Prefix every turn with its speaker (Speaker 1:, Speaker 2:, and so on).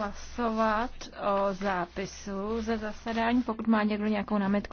Speaker 1: hlasovat o zápisu ze zasedání, pokud má někdo nějakou námitku.